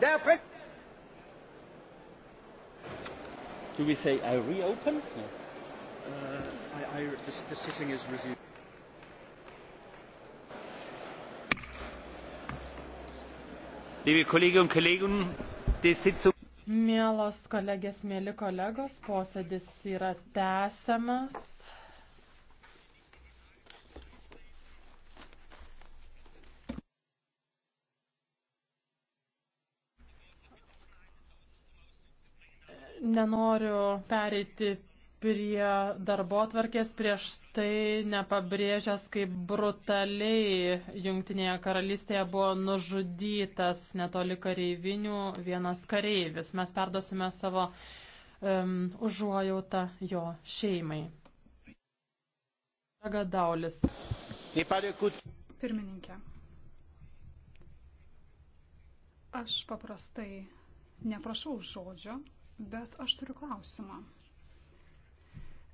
D'après. Do we say I reopen? No. Uh, I, I, the, the sitting is resumed. Liebe Kolleginnen und Kollegen, die Sitzung. Mielos kolegės, mėly kolegos, posėdis yra tęsiamas. nenoriu pereiti prie darbo atvarkės prieš tai nepabrėžęs, kaip brutaliai Jungtinėje karalystėje buvo nužudytas netoli kareivinių vienas kareivis. Mes perdosime savo um, užuojautą jo šeimai. Daulis. Pirmininkė. Aš paprastai neprašau žodžio, bet aš turiu klausimą.